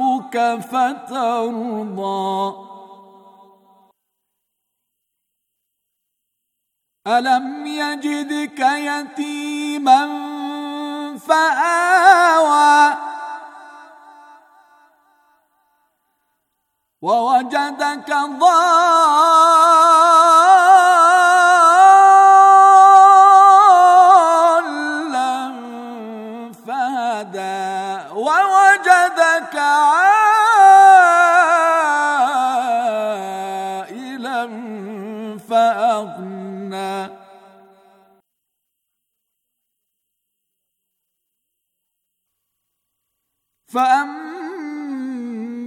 ربك فترضى الم يجدك يتيما فاوى ووجدك ضار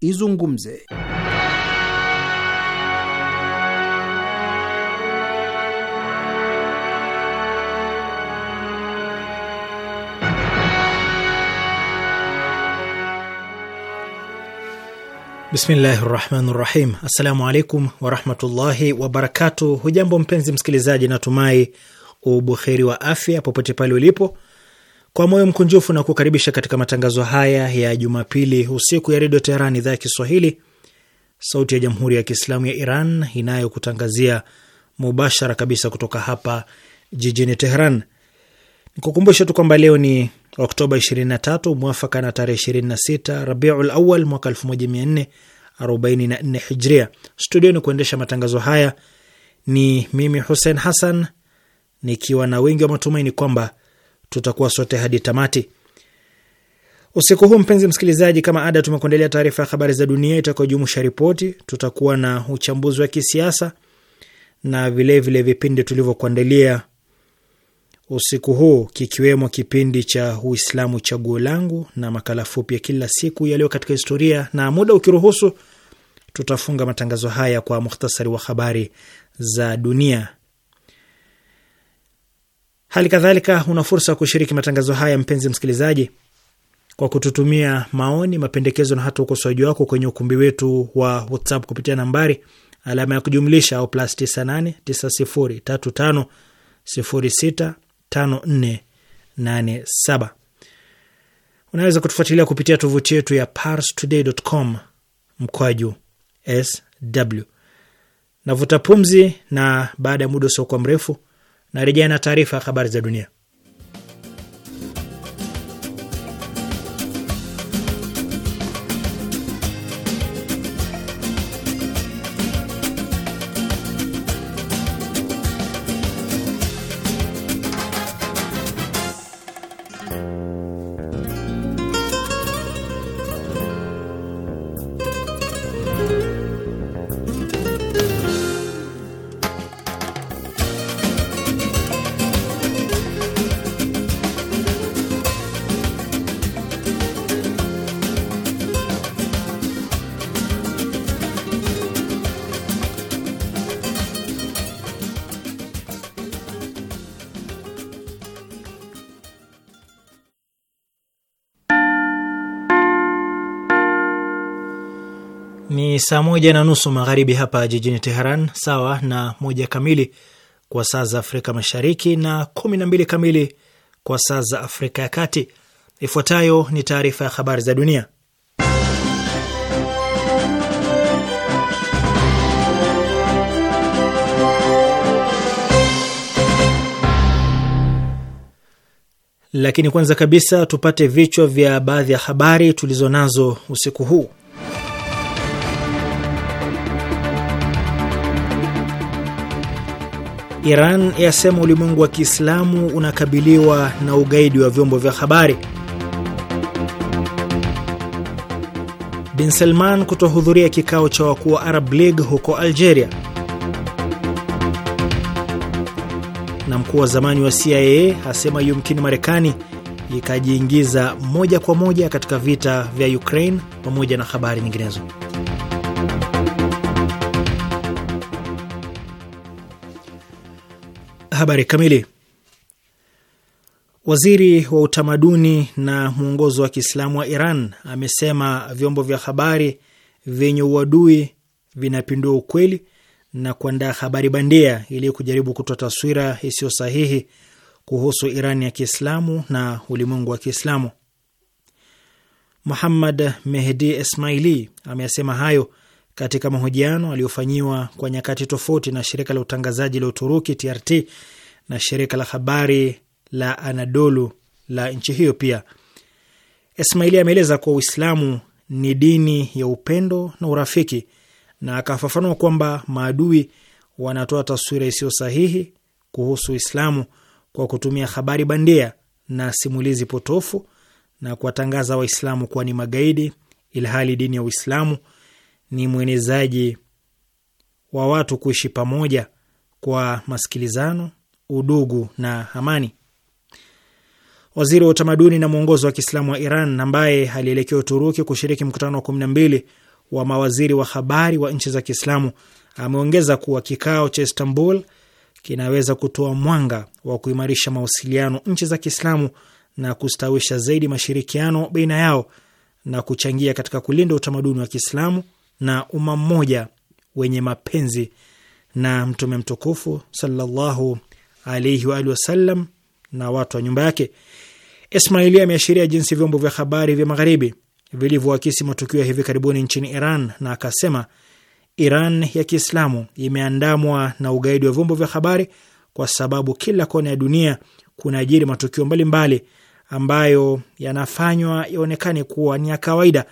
izungumze. Bismillahi rahmani rahim. Assalamu alaikum warahmatullahi wabarakatu. Hujambo mpenzi msikilizaji, natumai ubuheri wa afya popote pale ulipo kwa moyo mkunjufu na kukaribisha katika matangazo haya ya Jumapili usiku ya redio Teheran, idhaa ya Kiswahili, sauti ya jamhuri ya kiislamu ya Iran inayokutangazia mubashara kabisa kutoka hapa jijini Teheran. Nikukumbusha tu kwamba leo ni Oktoba 23 mwafaka na tarehe 26 Rabiul Awal mwaka 1444 Hijria. Studioni kuendesha matangazo haya ni mimi Hussein Hassan, nikiwa na wingi wa matumaini kwamba tutakuwa sote hadi tamati usiku huu. Mpenzi msikilizaji, kama ada, tumekuandalia taarifa ya habari za dunia itakayojumuisha ripoti, tutakuwa na uchambuzi wa kisiasa na vilevile vile vipindi tulivyokuandalia usiku huu, kikiwemo kipindi cha Uislamu Chaguo Langu na makala fupi ya kila siku yaliyo katika historia, na muda ukiruhusu tutafunga matangazo haya kwa muhtasari wa habari za dunia. Hali kadhalika una fursa ya kushiriki matangazo haya, mpenzi msikilizaji, kwa kututumia maoni, mapendekezo na hata ukosoaji wako kwenye ukumbi wetu wa WhatsApp kupitia nambari alama ya kujumlisha au plus 98 Unaweza kutufuatilia kupitia tovuti yetu ya parstoday.com mkwaju sw. Navuta pumzi, na baada ya muda usiokuwa mrefu Narejea na taarifa ya habari za dunia. saa moja na nusu magharibi hapa jijini Teheran, sawa na moja kamili kwa saa za Afrika Mashariki na kumi na mbili kamili kwa saa za Afrika ya Kati. Ifuatayo ni taarifa ya habari za dunia, lakini kwanza kabisa tupate vichwa vya baadhi ya habari tulizo nazo usiku huu. Iran yasema ulimwengu wa Kiislamu unakabiliwa na ugaidi wa vyombo vya habari. Bin Salman kutohudhuria kikao cha wakuu wa Arab League huko Algeria. Na mkuu wa zamani wa CIA asema yumkini Marekani ikajiingiza moja kwa moja katika vita vya Ukraine pamoja na habari nyinginezo. Habari kamili. Waziri wa utamaduni na mwongozo wa Kiislamu wa Iran amesema vyombo vya habari vyenye uadui vinapindua ukweli na kuandaa habari bandia ili kujaribu kutoa taswira isiyo sahihi kuhusu Iran ya Kiislamu na ulimwengu wa Kiislamu. Muhammad Mehdi Esmaili ameyasema hayo katika mahojiano aliyofanyiwa kwa nyakati tofauti na shirika la utangazaji la Uturuki TRT na shirika la habari la Anadolu la nchi hiyo. Pia Ismaili ameeleza kuwa Uislamu ni dini ya upendo na urafiki, na akafafanua kwamba maadui wanatoa taswira isiyo sahihi kuhusu Uislamu kwa kutumia habari bandia na simulizi potofu na kuwatangaza Waislamu kuwa ni magaidi, ilhali dini ya Uislamu ni mwenezaji wa watu kuishi pamoja kwa masikilizano, udugu na amani. Waziri wa utamaduni na mwongozo wa Kiislamu wa Iran ambaye alielekea Uturuki kushiriki mkutano wa kumi na mbili wa mawaziri wa habari wa nchi za Kiislamu ameongeza kuwa kikao cha Istanbul kinaweza kutoa mwanga wa kuimarisha mawasiliano nchi za Kiislamu na kustawisha zaidi mashirikiano baina yao na kuchangia katika kulinda utamaduni wa Kiislamu na umma mmoja wenye mapenzi na Mtume mtukufu sallallahu alaihi waalihi wasallam na watu wa nyumba yake. Ismaili ameashiria jinsi vyombo vya habari vya magharibi vilivyoakisi matukio ya hivi karibuni nchini Iran na akasema Iran ya Kiislamu imeandamwa na ugaidi wa vyombo vya habari kwa sababu kila kona ya dunia kuna ajiri matukio mbalimbali mbali ambayo yanafanywa yaonekane kuwa ni ya kawaida,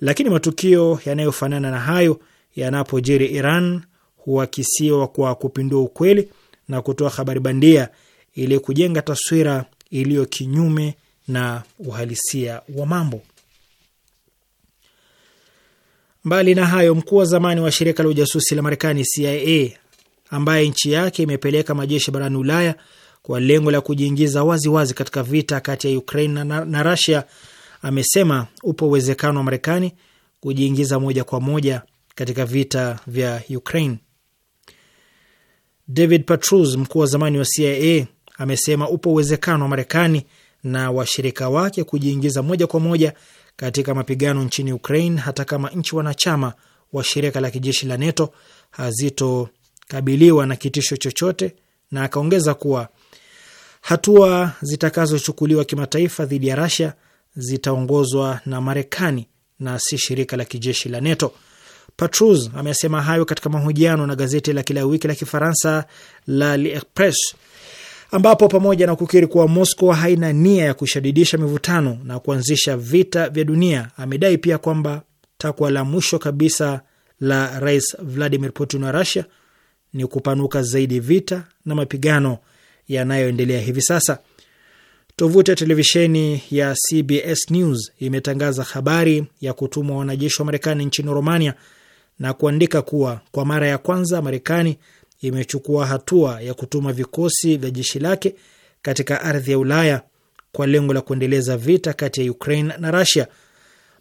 lakini matukio yanayofanana na hayo yanapojiri Iran huakisiwa kwa kupindua ukweli na kutoa habari bandia ili kujenga taswira iliyo kinyume na uhalisia wa mambo. Mbali na hayo, mkuu wa zamani wa shirika la ujasusi la Marekani CIA ambaye nchi yake imepeleka majeshi barani Ulaya kwa lengo la kujiingiza waziwazi wazi katika vita kati ya Ukraine na, na Russia amesema upo uwezekano wa Marekani kujiingiza moja kwa moja katika vita vya Ukraine. David Patrus, mkuu wa zamani wa CIA, amesema upo uwezekano wa Marekani na washirika wake kujiingiza moja kwa moja katika mapigano nchini Ukraine hata kama nchi wanachama wa shirika la kijeshi la NATO hazitokabiliwa na kitisho chochote, na akaongeza kuwa hatua zitakazochukuliwa kimataifa dhidi ya Russia zitaongozwa na Marekani na si shirika la kijeshi la NATO. Patrus amesema hayo katika mahojiano na gazeti la kila wiki la Kifaransa la L'Express ambapo pamoja na kukiri kuwa Moscow haina nia ya kushadidisha mivutano na kuanzisha vita vya dunia, amedai pia kwamba takwa la mwisho kabisa la Rais Vladimir Putin wa Russia ni kupanuka zaidi vita na mapigano yanayoendelea hivi sasa. Tovuti ya televisheni ya CBS News imetangaza habari ya kutumwa wanajeshi wa Marekani nchini Romania na kuandika kuwa kwa mara ya kwanza Marekani imechukua hatua ya kutuma vikosi vya jeshi lake katika ardhi ya Ulaya kwa lengo la kuendeleza vita kati ya Ukraine na Russia.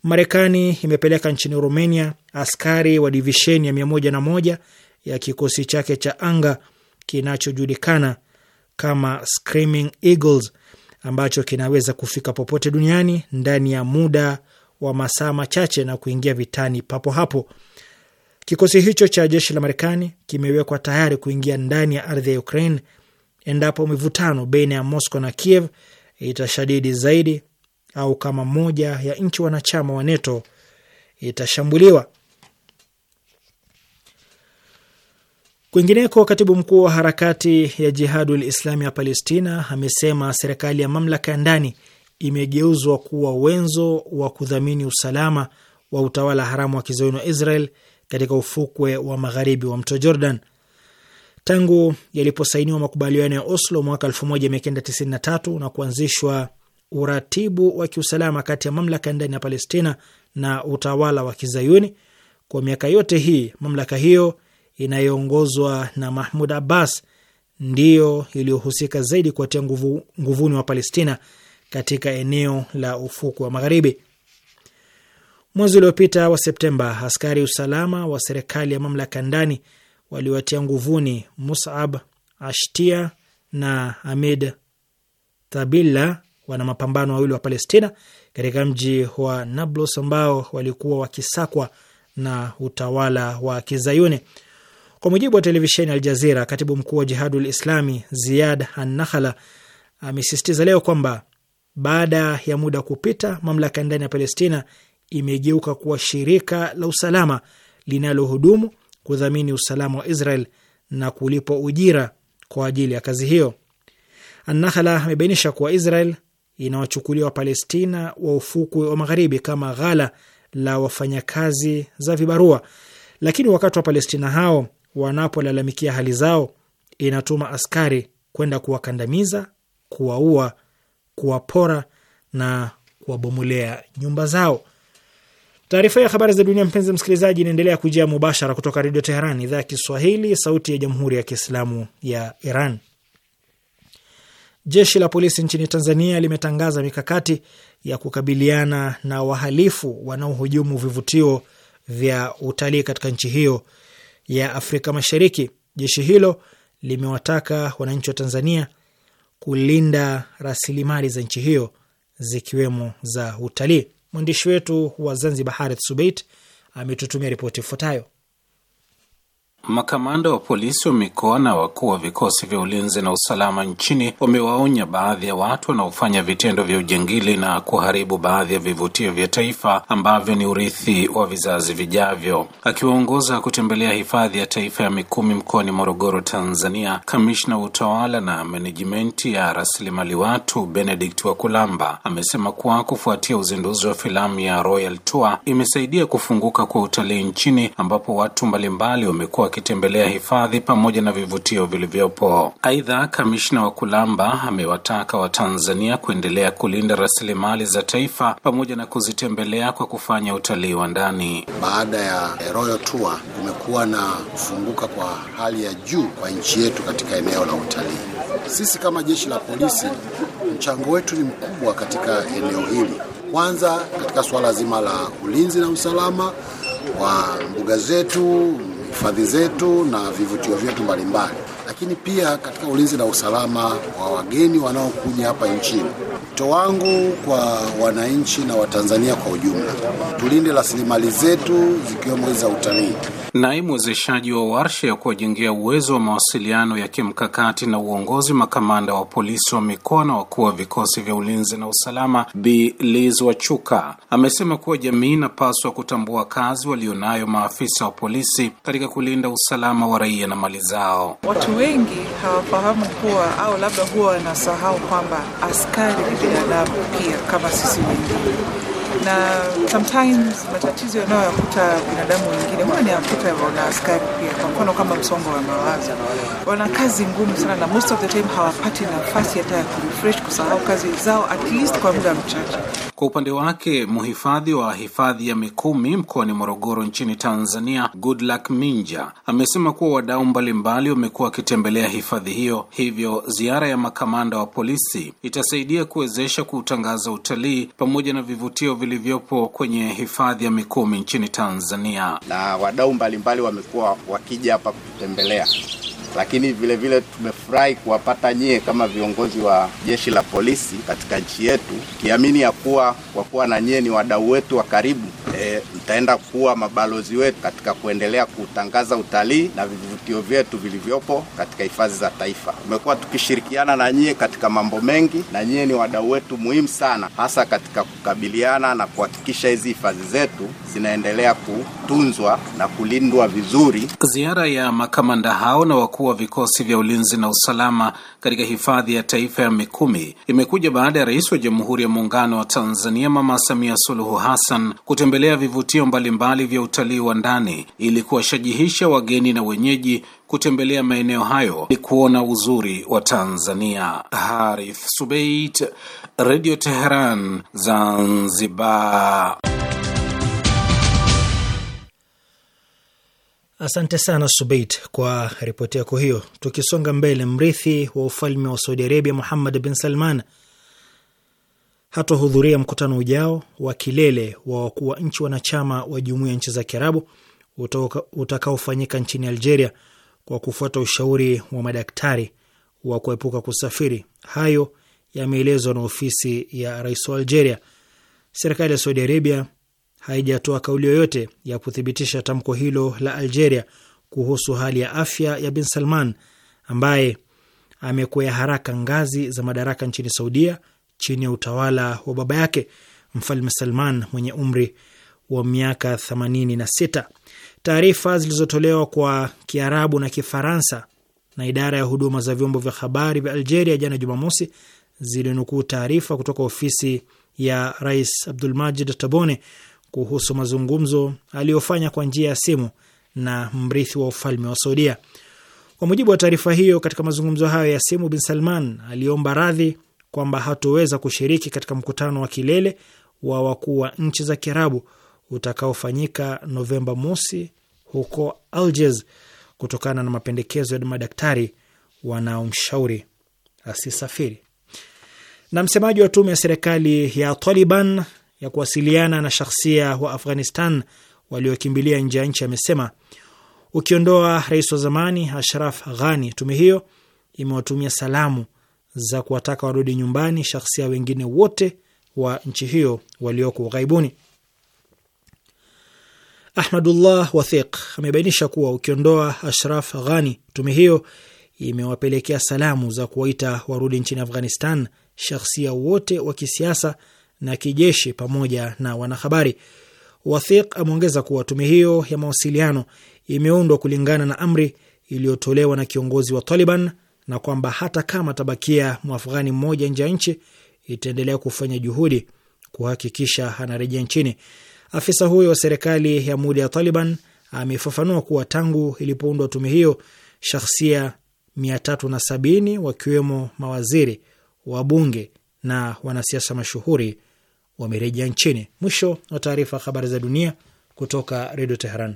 Marekani imepeleka nchini Romania askari wa divisheni ya mia moja na moja ya kikosi chake cha anga kinachojulikana kama Screaming Eagles ambacho kinaweza kufika popote duniani ndani ya muda wa masaa machache na kuingia vitani papo hapo. Kikosi hicho cha jeshi la Marekani kimewekwa tayari kuingia ndani ya ardhi ya Ukraine endapo mivutano baina ya Moscow na Kiev itashadidi zaidi au kama moja ya nchi wanachama wa NATO itashambuliwa. Kwingineko, katibu mkuu wa harakati ya Jihadul Islami ya Palestina amesema serikali ya mamlaka ya ndani imegeuzwa kuwa wenzo wa kudhamini usalama wa utawala haramu wa kizayuni wa Israel katika ufukwe wa magharibi wa mto Jordan. Tangu yaliposainiwa makubaliano ya Oslo mwaka 1993 na kuanzishwa uratibu wa kiusalama kati ya mamlaka ndani ya Palestina na utawala wa Kizayuni, kwa miaka yote hii mamlaka hiyo inayoongozwa na Mahmud Abbas ndiyo iliyohusika zaidi kuwatia nguvu, nguvuni wa Palestina katika eneo la ufukwe wa magharibi. Mwezi uliopita wa Septemba, askari usalama wa serikali ya mamlaka ndani waliwatia nguvuni Musab Ashtia na amid Thabilla, wana mapambano wawili wa Palestina, katika mji wa Nablus ambao walikuwa wakisakwa na utawala wa Kizayuni. Kwa mujibu wa televisheni Al Jazira, katibu mkuu wa Jihadul Islami Ziyad anahala amesisitiza leo kwamba baada ya muda kupita, mamlaka ndani ya Palestina imegeuka kuwa shirika la usalama linalohudumu kudhamini usalama wa Israel na kulipwa ujira kwa ajili ya kazi hiyo. anahala amebainisha kuwa Israel inawachukulia Wapalestina wa ufukwe wa magharibi kama ghala la wafanyakazi za vibarua, lakini wakati wa Palestina hao wanapolalamikia hali zao, inatuma askari kwenda kuwakandamiza, kuwaua, kuwapora na kuwabomolea nyumba zao. Taarifa ya habari za dunia, mpenzi msikilizaji, inaendelea kujia mubashara kutoka Redio Teheran, idhaa ya Kiswahili, sauti ya jamhuri ya kiislamu ya Iran. Jeshi la polisi nchini Tanzania limetangaza mikakati ya kukabiliana na wahalifu wanaohujumu vivutio vya utalii katika nchi hiyo ya Afrika Mashariki. Jeshi hilo limewataka wananchi wa Tanzania kulinda rasilimali za nchi hiyo zikiwemo za utalii. Mwandishi wetu wa Zanzibar, Harith Subeit, ametutumia ripoti ifuatayo. Makamanda wa polisi wa mikoa na wakuu wa vikosi vya ulinzi na usalama nchini wamewaonya baadhi ya watu wanaofanya vitendo vya ujangili na kuharibu baadhi ya vivutio vya taifa ambavyo ni urithi wa vizazi vijavyo. Akiwaongoza kutembelea hifadhi ya taifa ya Mikumi mkoani Morogoro, Tanzania, kamishna wa utawala na menejimenti ya rasilimali watu Benedict Wakulamba amesema kuwa kufuatia uzinduzi wa filamu ya Royal Tour imesaidia kufunguka kwa utalii nchini ambapo watu mbalimbali wamekuwa wakitembelea hifadhi pamoja na vivutio vilivyopo. Aidha, kamishna wa Kulamba amewataka Watanzania kuendelea kulinda rasilimali za taifa pamoja na kuzitembelea kwa kufanya utalii wa ndani. Baada ya Royal Tour kumekuwa na kufunguka kwa hali ya juu kwa nchi yetu katika eneo la utalii. Sisi kama jeshi la polisi, mchango wetu ni mkubwa katika eneo hili, kwanza katika suala zima la ulinzi na usalama wa mbuga zetu hifadhi zetu na vivutio vyetu mbalimbali lakini pia katika ulinzi na usalama wa wageni wanaokuja hapa nchini. Wito wangu kwa wananchi na Watanzania kwa ujumla, tulinde rasilimali zetu zikiwemo hizi za utalii. Naye mwezeshaji wa warsha ya kuwajengea uwezo wa mawasiliano ya kimkakati na uongozi makamanda wa polisi wa mikoa na wakuu wa vikosi vya ulinzi na usalama, Bi Liz Wachuka amesema kuwa jamii inapaswa kutambua kazi walionayo maafisa wa polisi katika kulinda usalama wa raia na mali zao watu wengi hawafahamu kuwa au labda huwa wanasahau kwamba askari ni binadamu pia kama sisi wengine, na sometimes matatizo yanayoyakuta binadamu wengine huwa ni yakuta wana askari pia. Kwa mfano kama msongo wa mawazo, wana kazi ngumu sana, na most of the time hawapati nafasi hata ya kurefresh, kusahau kazi zao at least kwa muda mchache. Kwa upande wake mhifadhi wa hifadhi ya Mikumi mkoani Morogoro nchini Tanzania, Goodluck Minja amesema kuwa wadau mbalimbali wamekuwa wakitembelea hifadhi hiyo, hivyo ziara ya makamanda wa polisi itasaidia kuwezesha kuutangaza utalii pamoja na vivutio vilivyopo kwenye hifadhi ya Mikumi nchini Tanzania. Na wadau mbalimbali wamekuwa wakija hapa kututembelea lakini vile vile tumefurahi kuwapata nyie kama viongozi wa jeshi la polisi katika nchi yetu, kiamini ya kuwa kwa kuwa na nyie ni wadau wetu wa karibu e, mtaenda kuwa mabalozi wetu katika kuendelea kutangaza utalii na vivutio vyetu vilivyopo katika hifadhi za taifa. Tumekuwa tukishirikiana na nyie katika mambo mengi, na nyie ni wadau wetu muhimu sana, hasa katika kukabiliana na kuhakikisha hizi hifadhi zetu zinaendelea kutunzwa na kulindwa vizuri. Ziara ya makamanda hao na wakuu wa vikosi vya ulinzi na usalama katika hifadhi ya taifa ya Mikumi imekuja baada ya rais wa Jamhuri ya Muungano wa Tanzania Mama Samia Suluhu Hassan kutembelea vivutio mbalimbali vya utalii wa ndani ili kuwashajihisha wageni na wenyeji kutembelea maeneo hayo ni kuona uzuri wa Tanzania. Harith Subeit, Radio Teheran, Zanzibar. Asante sana Subeit kwa ripoti yako hiyo. Tukisonga mbele, mrithi wa ufalme wa Saudi Arabia Muhammad bin Salman hatahudhuria mkutano ujao wa kilele wa wakuu wa nchi wanachama wa jumuiya nchi za Kiarabu utakaofanyika nchini Algeria kwa kufuata ushauri wa madaktari wa kuepuka kusafiri. Hayo yameelezwa na ofisi ya rais wa Algeria. Serikali ya Saudi Arabia haijatoa kauli yoyote ya kuthibitisha tamko hilo la Algeria kuhusu hali ya afya ya Bin Salman ambaye amekwea haraka ngazi za madaraka nchini Saudia chini ya utawala wa baba yake Mfalme Salman mwenye umri wa miaka 86. Taarifa zilizotolewa kwa Kiarabu na Kifaransa na idara ya huduma za vyombo vya habari vya Algeria jana Jumamosi zilinukuu taarifa kutoka ofisi ya Rais Abdulmajid Tabone kuhusu mazungumzo aliyofanya kwa njia ya simu na mrithi wa ufalme wa Saudia. Kwa mujibu wa taarifa hiyo, katika mazungumzo hayo ya simu, Bin Salman aliomba radhi kwamba hatoweza kushiriki katika mkutano wa kilele wa wakuu wa nchi za Kiarabu utakaofanyika Novemba mosi huko Algiers kutokana na mapendekezo ya madaktari wanaomshauri asisafiri. Na msemaji wa tume ya serikali ya Taliban ya kuwasiliana na shahsia wa Afghanistan waliokimbilia nje ya nchi amesema ukiondoa rais wa zamani Ashraf Ghani, tume hiyo imewatumia salamu za kuwataka warudi nyumbani shahsia wengine wote wa nchi hiyo walioko ughaibuni. Ahmadullah Wathiq amebainisha kuwa ukiondoa Ashraf Ghani, tume hiyo imewapelekea salamu za kuwaita warudi nchini Afghanistan shahsia wote wa kisiasa na kijeshi pamoja na wanahabari. Wathiq ameongeza kuwa tume hiyo ya mawasiliano imeundwa kulingana na amri iliyotolewa na kiongozi wa Taliban na kwamba hata kama tabakia mwafghani mmoja nje ya nchi itaendelea kufanya juhudi kuhakikisha anarejea nchini. Afisa huyo wa serikali ya muda ya Taliban amefafanua kuwa tangu ilipoundwa tume hiyo, shahsia 370 wakiwemo mawaziri, wabunge na wanasiasa mashuhuri wamerejea nchini. Mwisho wa taarifa ya habari za dunia kutoka Redio Teheran.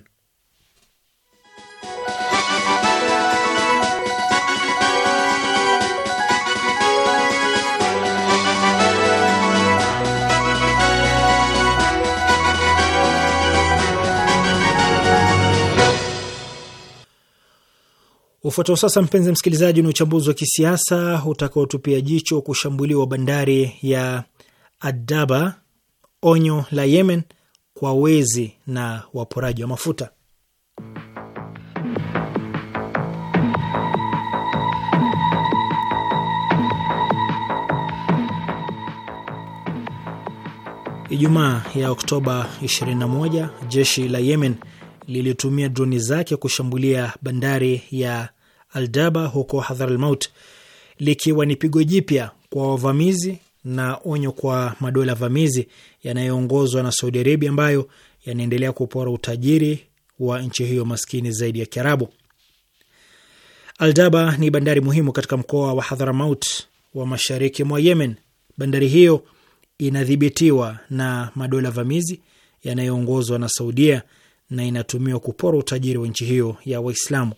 Ufuatao sasa, mpenzi msikilizaji, ni uchambuzi wa kisiasa utakaotupia jicho kushambuliwa bandari ya Adaba, onyo la Yemen kwa wezi na waporaji wa mafuta. Ijumaa ya Oktoba 21 jeshi la Yemen lilitumia droni zake kushambulia bandari ya Aldaba huko Hadhar al Maut, likiwa ni pigo jipya kwa wavamizi na onyo kwa madola vamizi yanayoongozwa na Saudi Arabia ambayo yanaendelea kupora utajiri wa nchi hiyo maskini zaidi ya Kiarabu. Aldaba ni bandari muhimu katika mkoa wa Hadhramaut wa mashariki mwa Yemen. Bandari hiyo inadhibitiwa na madola vamizi yanayoongozwa na Saudia na inatumiwa kupora utajiri wa nchi hiyo ya Waislamu.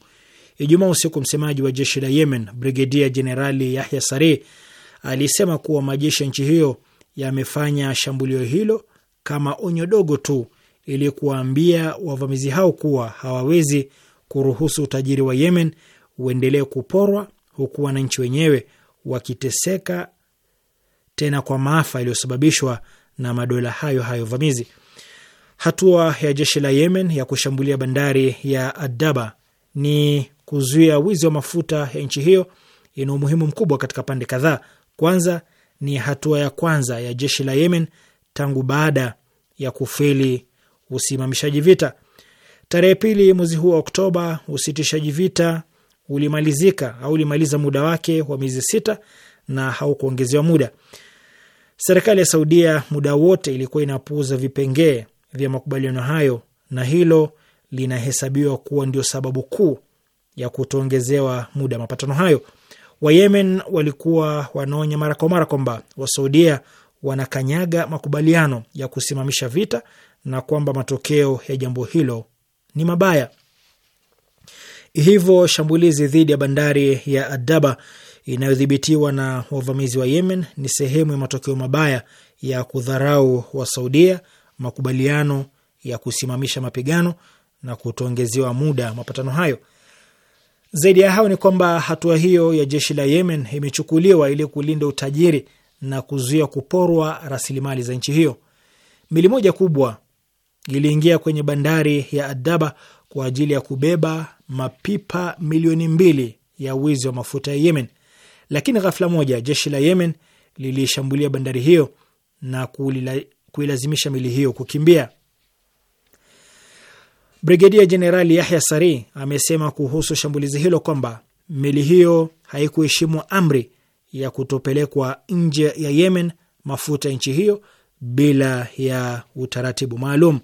Ijumaa usiku, msemaji wa jeshi la Yemen, Brigedia Jenerali Yahya Sareh alisema kuwa majeshi ya nchi hiyo yamefanya shambulio hilo kama onyo dogo tu ili kuwaambia wavamizi hao kuwa hawawezi kuruhusu utajiri wa Yemen uendelee kuporwa huku wananchi wenyewe wakiteseka tena kwa maafa yaliyosababishwa na madola hayo hayo vamizi. Hatua ya jeshi la Yemen ya kushambulia bandari ya Adaba ni kuzuia wizi wa mafuta ya nchi hiyo ina umuhimu mkubwa katika pande kadhaa, kwanza ni hatua ya kwanza ya jeshi la Yemen tangu baada ya kufeli usimamishaji vita. Tarehe pili mwezi huu wa Oktoba, usitishaji vita ulimalizika au ulimaliza muda wake wa miezi sita na haukuongezewa muda. Serikali ya Saudia muda wote ilikuwa inapuuza vipengee vya makubaliano hayo, na hilo linahesabiwa kuwa ndio sababu kuu ya kutoongezewa muda mapatano hayo wa Yemen walikuwa wanaonya mara kwa mara kwamba wasaudia wanakanyaga makubaliano ya kusimamisha vita na kwamba matokeo ya jambo hilo ni mabaya. Hivyo shambulizi dhidi ya bandari ya Adaba inayodhibitiwa na wavamizi wa Yemen ni sehemu ya matokeo mabaya ya kudharau wa Saudia makubaliano ya kusimamisha mapigano na kutongezewa muda mapatano hayo. Zaidi ya hayo ni kwamba hatua hiyo ya jeshi la Yemen imechukuliwa ili kulinda utajiri na kuzuia kuporwa rasilimali za nchi hiyo. Meli moja kubwa iliingia kwenye bandari ya Adaba kwa ajili ya kubeba mapipa milioni mbili ya wizi wa mafuta ya Yemen, lakini ghafla moja jeshi la Yemen lilishambulia bandari hiyo na kuilazimisha meli hiyo kukimbia. Brigedia Jenerali Yahya Sari amesema kuhusu shambulizi hilo kwamba meli hiyo haikuheshimu amri ya kutopelekwa nje ya Yemen mafuta ya nchi hiyo bila ya utaratibu maalum.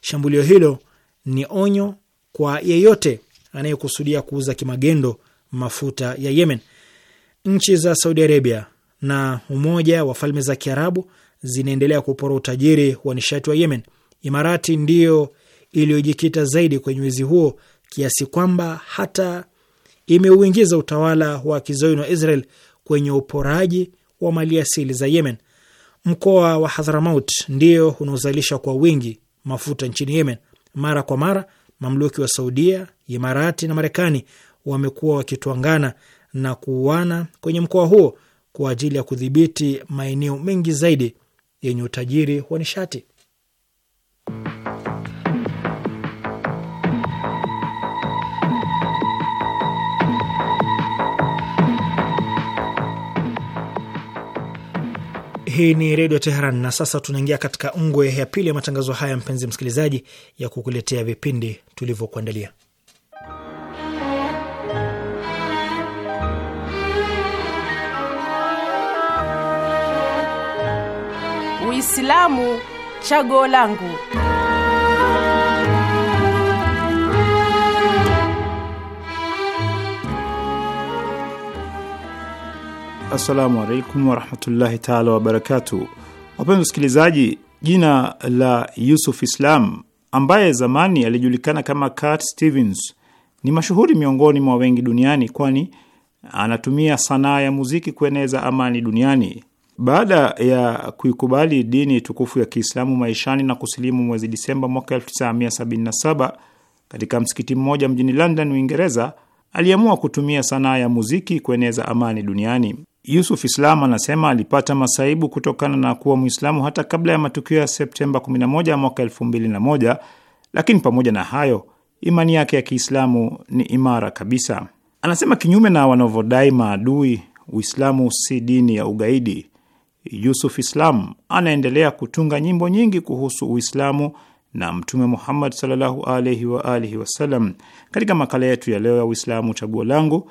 Shambulio hilo ni onyo kwa yeyote anayekusudia kuuza kimagendo mafuta ya Yemen. Nchi za Saudi Arabia na Umoja wa Falme za Kiarabu zinaendelea kupora utajiri wa nishati wa Yemen. Imarati ndiyo iliyojikita zaidi kwenye wizi huo kiasi kwamba hata imeuingiza utawala wa kizayuni wa Israel kwenye uporaji wa maliasili za Yemen. Mkoa wa Hadhramaut ndio unaozalisha kwa wingi mafuta nchini Yemen. Mara kwa mara mamluki wa Saudia, Imarati na Marekani wamekuwa wakitwangana na kuuana kwenye mkoa huo kwa ajili ya kudhibiti maeneo mengi zaidi yenye utajiri wa nishati. Hii ni Redio Teheran. Na sasa tunaingia katika ngwe ya pili ya matangazo haya, mpenzi msikilizaji, ya kukuletea vipindi tulivyokuandalia. Uislamu chaguo langu. Assalamu alaikum warahmatullahi taala wabarakatu. Wapenzi wasikilizaji, jina la Yusuf Islam ambaye zamani alijulikana kama Cat Stevens ni mashuhuri miongoni mwa wengi duniani, kwani anatumia sanaa ya muziki kueneza amani duniani. Baada ya kuikubali dini tukufu ya Kiislamu maishani na kusilimu mwezi Disemba mwaka 1977 katika msikiti mmoja mjini London, Uingereza, aliamua kutumia sanaa ya muziki kueneza amani duniani. Yusuf Islam anasema alipata masaibu kutokana na kuwa Mwislamu hata kabla ya matukio ya Septemba 11 mwaka 2001, lakini pamoja na hayo imani yake ya Kiislamu ni imara kabisa. Anasema kinyume na wanavyodai maadui, Uislamu si dini ya ugaidi. Yusuf Islam anaendelea kutunga nyimbo nyingi kuhusu Uislamu na Mtume Muhammad sallallahu alaihi wa alihi wasallam. Katika makala yetu ya leo ya Uislamu Chaguo Langu,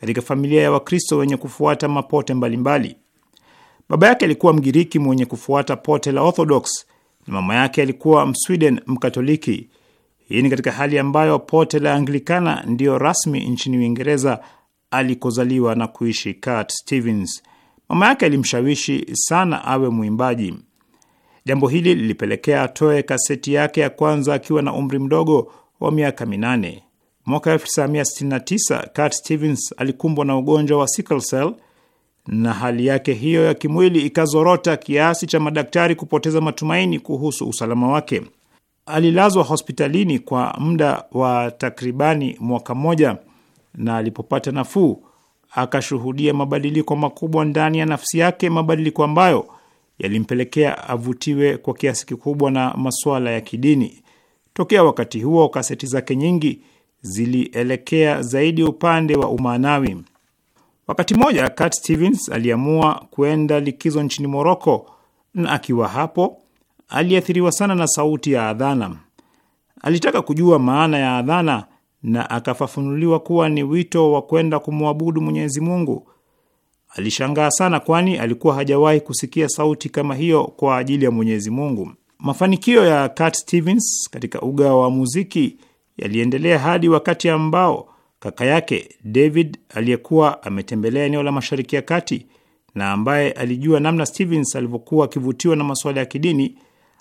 katika familia ya Wakristo wenye kufuata mapote mbalimbali. Baba yake alikuwa Mgiriki mwenye kufuata pote la Orthodox na mama yake alikuwa Msweden Mkatoliki. Hii ni katika hali ambayo pote la Anglikana ndiyo rasmi nchini Uingereza alikozaliwa na kuishi Cat Stevens. Mama yake alimshawishi sana awe mwimbaji. Jambo hili lilipelekea atoe kaseti yake ya kwanza akiwa na umri mdogo wa miaka minane. Mwaka 1969 Cat Stevens alikumbwa na ugonjwa wa sickle cell na hali yake hiyo ya kimwili ikazorota kiasi cha madaktari kupoteza matumaini kuhusu usalama wake. Alilazwa hospitalini kwa muda wa takribani mwaka mmoja, na alipopata nafuu akashuhudia mabadiliko makubwa ndani ya nafsi yake, mabadiliko ambayo yalimpelekea avutiwe kwa kiasi kikubwa na masuala ya kidini. Tokea wakati huo kaseti zake nyingi zilielekea zaidi upande wa Umanawi. Wakati mmoja Cat Stevens aliamua kuenda likizo nchini Moroko, na akiwa hapo aliathiriwa sana na sauti ya adhana. Alitaka kujua maana ya adhana na akafafunuliwa kuwa ni wito wa kwenda kumwabudu Mwenyezi Mungu. Alishangaa sana, kwani alikuwa hajawahi kusikia sauti kama hiyo kwa ajili ya Mwenyezi Mungu. Mafanikio ya Cat Stevens katika uga wa muziki yaliendelea hadi wakati ambao kaka yake David aliyekuwa ametembelea eneo la Mashariki ya Kati na ambaye alijua namna Stevens alivyokuwa akivutiwa na masuala ya kidini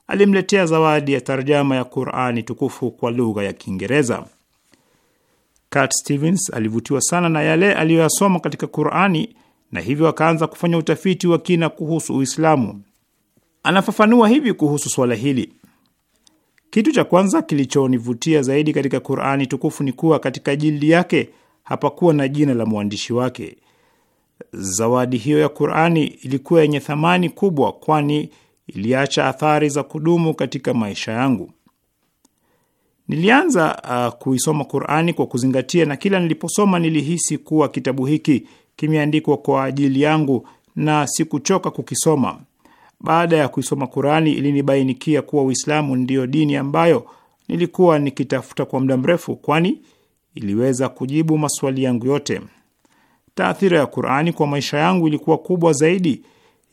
alimletea zawadi ya tarjama ya Qur'ani tukufu kwa lugha ya Kiingereza. Kat Stevens alivutiwa sana na yale aliyoyasoma katika Qur'ani na hivyo akaanza kufanya utafiti wa kina kuhusu Uislamu. Anafafanua hivi kuhusu swala hili: kitu cha kwanza kilichonivutia zaidi katika Qurani tukufu ni kuwa katika jildi yake hapakuwa na jina la mwandishi wake. Zawadi hiyo ya Qurani ilikuwa yenye thamani kubwa, kwani iliacha athari za kudumu katika maisha yangu. Nilianza uh, kuisoma Qurani kwa kuzingatia, na kila niliposoma nilihisi kuwa kitabu hiki kimeandikwa kwa ajili yangu na sikuchoka kukisoma. Baada ya kuisoma Kurani ilinibainikia kuwa Uislamu ndiyo dini ambayo nilikuwa nikitafuta kwa muda mrefu, kwani iliweza kujibu maswali yangu yote. Taathira ya Qurani kwa maisha yangu ilikuwa kubwa zaidi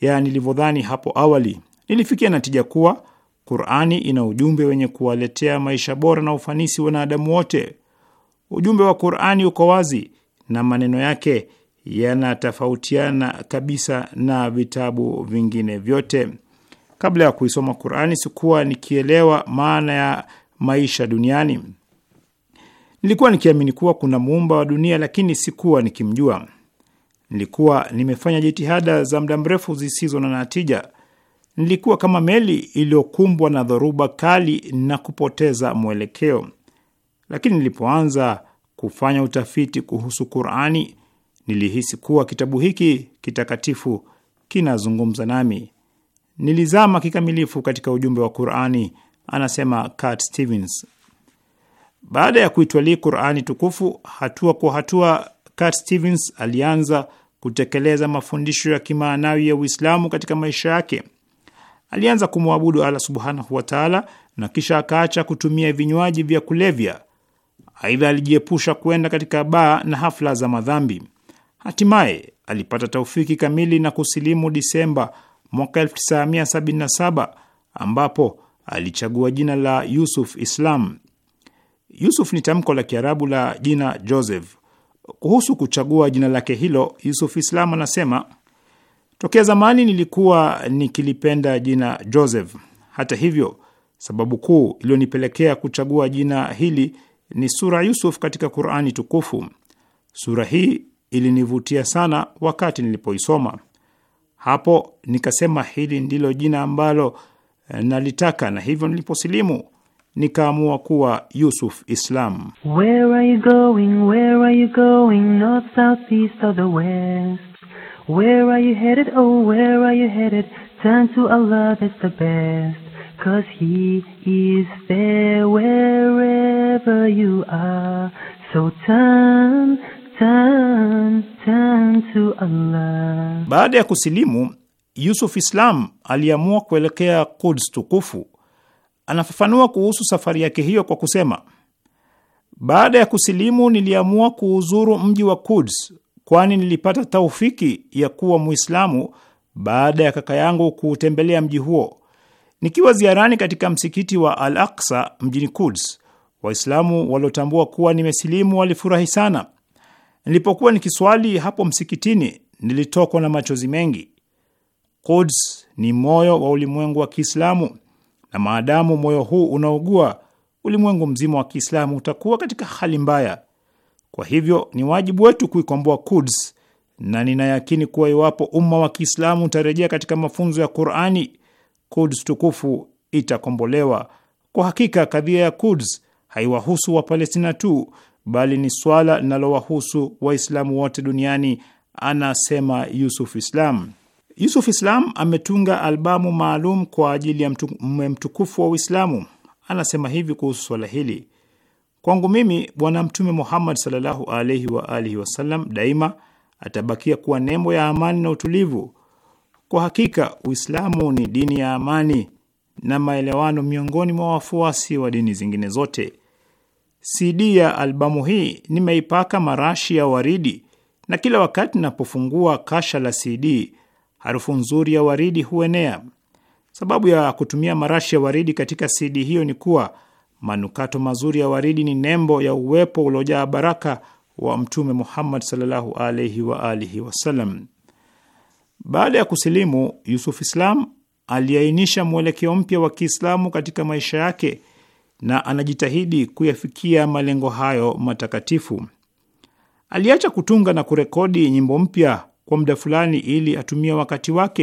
ya nilivyodhani hapo awali. Nilifikia natija kuwa Qurani ina ujumbe wenye kuwaletea maisha bora na ufanisi wanadamu wote. Ujumbe wa Qurani uko wazi na maneno yake yanatofautiana kabisa na vitabu vingine vyote. Kabla ya kuisoma Qurani sikuwa nikielewa maana ya maisha duniani. Nilikuwa nikiamini kuwa kuna muumba wa dunia, lakini sikuwa nikimjua. Nilikuwa nimefanya jitihada za muda mrefu zisizo na natija. Nilikuwa kama meli iliyokumbwa na dhoruba kali na kupoteza mwelekeo. Lakini nilipoanza kufanya utafiti kuhusu Qurani nilihisi kuwa kitabu hiki kitakatifu kinazungumza nami. Nilizama kikamilifu katika ujumbe wa Qurani, anasema Cat Stevens. Baada ya kuitwalii Qurani tukufu hatua kwa hatua, Cat Stevens alianza kutekeleza mafundisho ya kimaanawi ya Uislamu katika maisha yake. Alianza kumwabudu Allah subhanahu wataala na kisha akaacha kutumia vinywaji vya kulevya. Aidha, alijiepusha kuenda katika baa na hafla za madhambi. Hatimaye alipata taufiki kamili na kusilimu Disemba mwaka 1977 ambapo alichagua jina la Yusuf Islam. Yusuf ni tamko la Kiarabu la jina Joseph. Kuhusu kuchagua jina lake hilo, Yusuf Islam anasema, tokea zamani nilikuwa nikilipenda jina Joseph. Hata hivyo, sababu kuu iliyonipelekea kuchagua jina hili ni sura Yusuf katika Qur'ani tukufu. Sura hii ilinivutia sana wakati nilipoisoma. Hapo nikasema hili ndilo jina ambalo eh, nalitaka, na hivyo niliposilimu nikaamua kuwa Yusuf Islam. Where are you going? Where are you going? North, south, east or the west? Where are you headed? Oh, where are you headed? Turn to Allah, that's the best. Cause he is there wherever you are. So turn turn, turn to Allah. Baada ya kusilimu Yusuf Islam aliamua kuelekea Quds tukufu. Anafafanua kuhusu safari yake hiyo kwa kusema, baada ya kusilimu niliamua kuuzuru mji wa Quds, kwani nilipata taufiki ya kuwa Muislamu baada ya kaka yangu kuutembelea mji huo. Nikiwa ziarani katika msikiti wa Al Aksa mjini Quds, Waislamu waliotambua kuwa nimesilimu walifurahi sana. Nilipokuwa nikiswali hapo msikitini, nilitokwa na machozi mengi. Quds ni moyo wa ulimwengu wa Kiislamu, na maadamu moyo huu unaugua, ulimwengu mzima wa Kiislamu utakuwa katika hali mbaya. Kwa hivyo ni wajibu wetu kuikomboa Quds, na ninayakini kuwa iwapo umma wa Kiislamu utarejea katika mafunzo ya Qur'ani, Quds tukufu itakombolewa. Kwa hakika kadhia ya Quds haiwahusu Wapalestina tu bali ni swala linalowahusu Waislamu wote duniani, anasema Yusuf Islam. Yusuf Islam ametunga albamu maalum kwa ajili ya Mtume mtukufu wa Uislamu. Anasema hivi kuhusu swala hili: kwangu mimi Bwana Mtume Muhammad sallallahu alaihi wa alihi wasallam daima atabakia kuwa nembo ya amani na utulivu. Kwa hakika Uislamu ni dini ya amani na maelewano miongoni mwa wafuasi wa dini zingine zote. CD ya albamu hii nimeipaka marashi ya waridi, na kila wakati ninapofungua kasha la CD harufu nzuri ya waridi huenea. Sababu ya kutumia marashi ya waridi katika CD hiyo ni kuwa manukato mazuri ya waridi ni nembo ya uwepo uliojaa baraka wa Mtume Muhammad sallallahu alaihi wa alihi wasallam. Baada ya kusilimu, Yusuf Islam aliainisha mwelekeo mpya wa Kiislamu katika maisha yake na anajitahidi kuyafikia malengo hayo matakatifu. Aliacha kutunga na kurekodi nyimbo mpya kwa muda fulani ili atumie wakati wake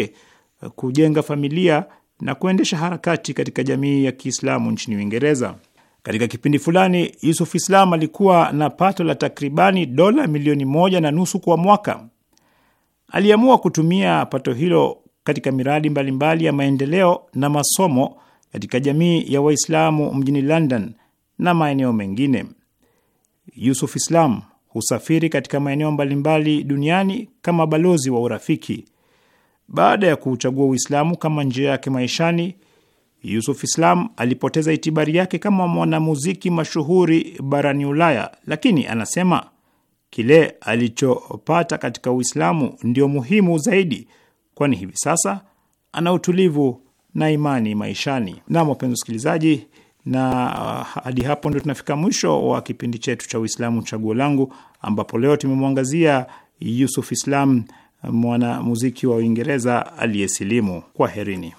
eh, kujenga familia na kuendesha harakati katika jamii ya Kiislamu nchini Uingereza. Katika kipindi fulani, Yusuf Islam alikuwa na pato la takribani dola milioni moja na nusu kwa mwaka. Aliamua kutumia pato hilo katika miradi mbalimbali mbali ya maendeleo na masomo katika jamii ya Waislamu mjini London na maeneo mengine. Yusuf Islam husafiri katika maeneo mbalimbali duniani kama balozi wa urafiki. Baada ya kuuchagua Uislamu kama njia yake maishani, Yusuf Islam alipoteza itibari yake kama mwanamuziki mashuhuri barani Ulaya, lakini anasema kile alichopata katika Uislamu ndio muhimu zaidi, kwani hivi sasa ana utulivu na imani maishani. Nam, wapenzi wasikilizaji, na ah, hadi hapo ndio tunafika mwisho wa kipindi chetu cha Uislamu Chaguo Langu, ambapo leo tumemwangazia Yusuf Islam, mwanamuziki wa Uingereza aliyesilimu. Kwaherini.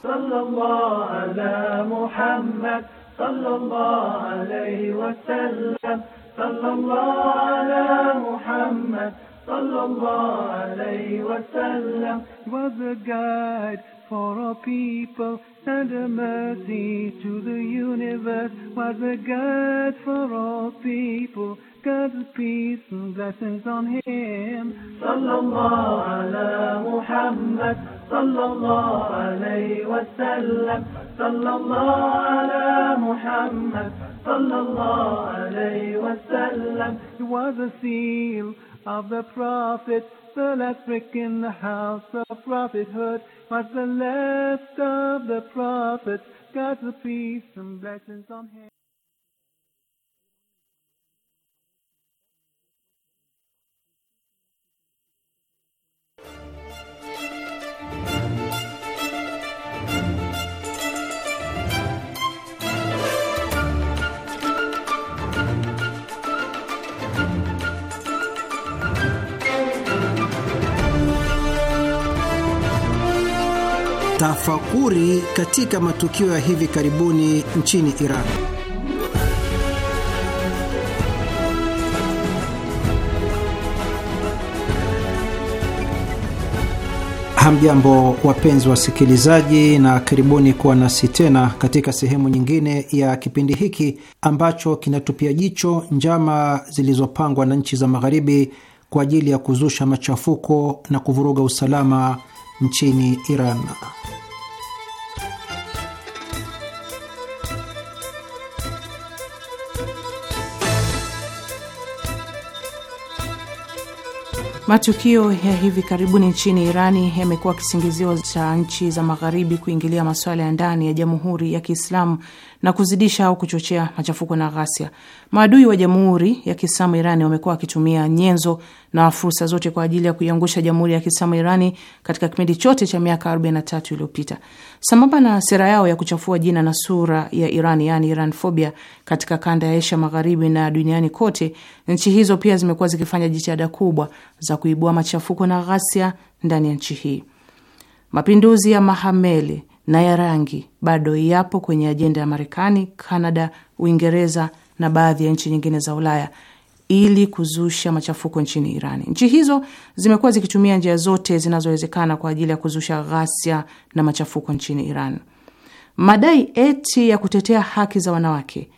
for all people and a mercy to the universe. Was a God for all people, God's peace and blessings on him. Sallallahu ala Muhammad, sallallahu alayhi wa sallam, sallallahu ala Muhammad, sallallahu alayhi wa sallam. He was a seal of the prophet the last brick in the house of prophethood, was the last of the prophets. God's peace and blessings on him. tafakuri katika matukio ya hivi karibuni nchini Iran. Hamjambo, wapenzi wasikilizaji, na karibuni kuwa nasi tena katika sehemu nyingine ya kipindi hiki ambacho kinatupia jicho njama zilizopangwa na nchi za Magharibi kwa ajili ya kuzusha machafuko na kuvuruga usalama nchini Iran. Matukio ya hivi karibuni nchini Irani yamekuwa kisingizio cha nchi za Magharibi kuingilia masuala ya ndani ya Jamhuri ya Kiislamu na kuzidisha au kuchochea machafuko na ghasia. Maadui wa Jamhuri ya Kiislamu Irani wamekuwa wakitumia nyenzo na fursa zote kwa ajili ya kuiangusha Jamhuri ya Kiislamu Irani katika kipindi chote cha miaka 43 iliyopita, sambamba na sera yao ya kuchafua jina na sura ya Iran, yani Iranphobia, katika kanda ya Asia Magharibi na duniani kote. Nchi hizo pia zimekuwa zikifanya jitihada kubwa za kuibua machafuko na ghasia ndani ya nchi hii. Mapinduzi ya Mahameli na ya rangi bado yapo kwenye ajenda ya Marekani, Kanada, Uingereza na baadhi ya nchi nyingine za Ulaya ili kuzusha machafuko nchini Irani. Nchi hizo zimekuwa zikitumia njia zote zinazowezekana kwa ajili ya kuzusha ghasia na machafuko nchini Iran. Madai eti ya kutetea haki za wanawake,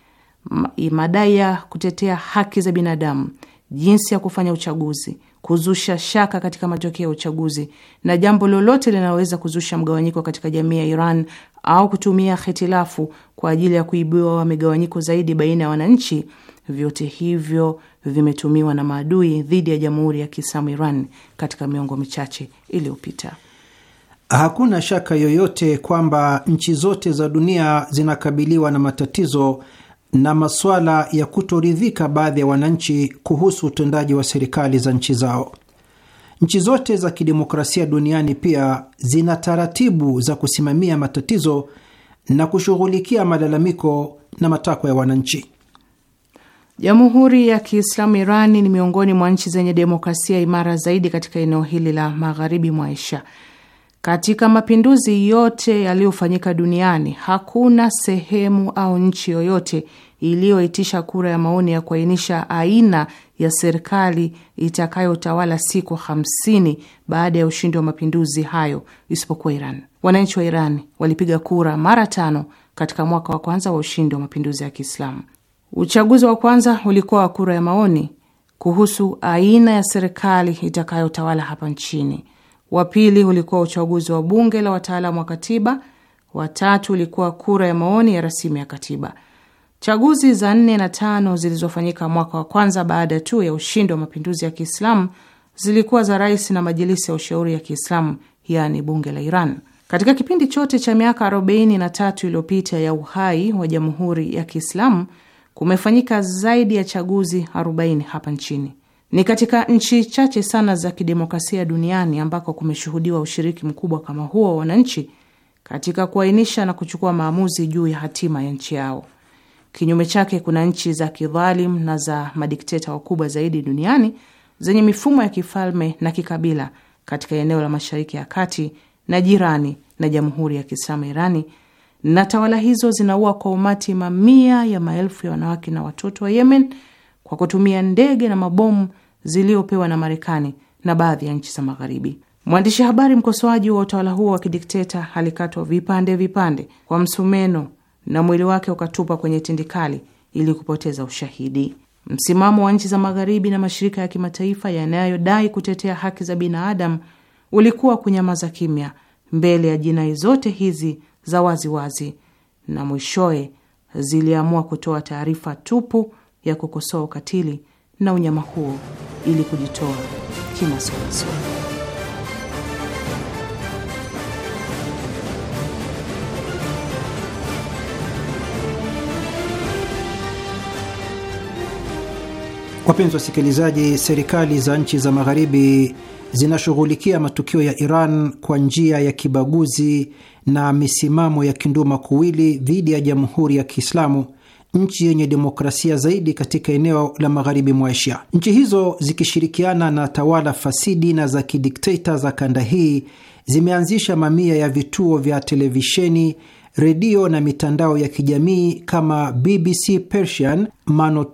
madai ya kutetea haki za binadamu jinsi ya kufanya uchaguzi, kuzusha shaka katika matokeo ya uchaguzi na jambo lolote linaloweza kuzusha mgawanyiko katika jamii ya Iran au kutumia hitilafu kwa ajili ya kuibua migawanyiko zaidi baina ya wananchi, vyote hivyo vimetumiwa na maadui dhidi ya Jamhuri ya Kiislamu Iran katika miongo michache iliyopita. Hakuna shaka yoyote kwamba nchi zote za dunia zinakabiliwa na matatizo na masuala ya kutoridhika baadhi ya wananchi kuhusu utendaji wa serikali za nchi zao. Nchi zote za kidemokrasia duniani pia zina taratibu za kusimamia matatizo na kushughulikia malalamiko na matakwa ya wananchi. Jamhuri ya Kiislamu Irani ni miongoni mwa nchi zenye demokrasia imara zaidi katika eneo hili la magharibi mwa Asia. Katika mapinduzi yote yaliyofanyika duniani hakuna sehemu au nchi yoyote iliyoitisha kura ya maoni ya kuainisha aina ya serikali itakayotawala siku hamsini baada ya ushindi wa mapinduzi hayo isipokuwa Iran. Wananchi wa Iran walipiga kura mara tano katika mwaka wa kwanza wa ushindi wa mapinduzi ya Kiislamu. Uchaguzi wa kwanza ulikuwa wa kura ya maoni kuhusu aina ya serikali itakayotawala hapa nchini wa pili ulikuwa uchaguzi wa bunge la wataalamu wa katiba, wa tatu ulikuwa kura ya maoni ya rasimu ya katiba. Chaguzi za nne na tano zilizofanyika mwaka wa kwanza baada tu ya ushindi wa mapinduzi ya Kiislamu zilikuwa za rais na majilisi ya ushauri ya Kiislamu, yaani bunge la Iran. Katika kipindi chote cha miaka 43 iliyopita ya uhai wa jamhuri ya Kiislamu kumefanyika zaidi ya chaguzi 40 hapa nchini. Ni katika nchi chache sana za kidemokrasia duniani ambako kumeshuhudiwa ushiriki mkubwa kama huo wa wananchi katika kuainisha na kuchukua maamuzi juu ya hatima ya nchi yao. Kinyume chake, kuna nchi za kidhalim na za madikteta wakubwa zaidi duniani zenye mifumo ya kifalme na kikabila katika eneo la Mashariki ya Kati na jirani na Jamhuri ya Kiislamu Irani, na tawala hizo zinaua kwa umati mamia ya maelfu ya wanawake na watoto wa Yemen kwa kutumia ndege na mabomu ziliyopewa na Marekani na baadhi ya nchi za Magharibi. Mwandishi habari mkosoaji wa utawala huo wa kidikteta alikatwa vipande vipande kwa msumeno na mwili wake ukatupa kwenye tindikali ili kupoteza ushahidi. Msimamo wa nchi za Magharibi na mashirika ya kimataifa yanayodai kutetea haki za binadamu ulikuwa kunyamaza kimya mbele ya jinai zote hizi za waziwazi wazi, na mwishowe ziliamua kutoa taarifa tupu ya kukosoa ukatili na unyama huo ili kujitoa kimasomaso. Wapenzi wasikilizaji, serikali za nchi za Magharibi zinashughulikia matukio ya Iran kwa njia ya kibaguzi na misimamo ya kinduma kuwili dhidi ya Jamhuri ya Kiislamu nchi yenye demokrasia zaidi katika eneo la magharibi mwa Asia. Nchi hizo zikishirikiana na tawala fasidi na za kidikteta za kanda hii zimeanzisha mamia ya vituo vya televisheni, redio na mitandao ya kijamii kama BBC Persian, mano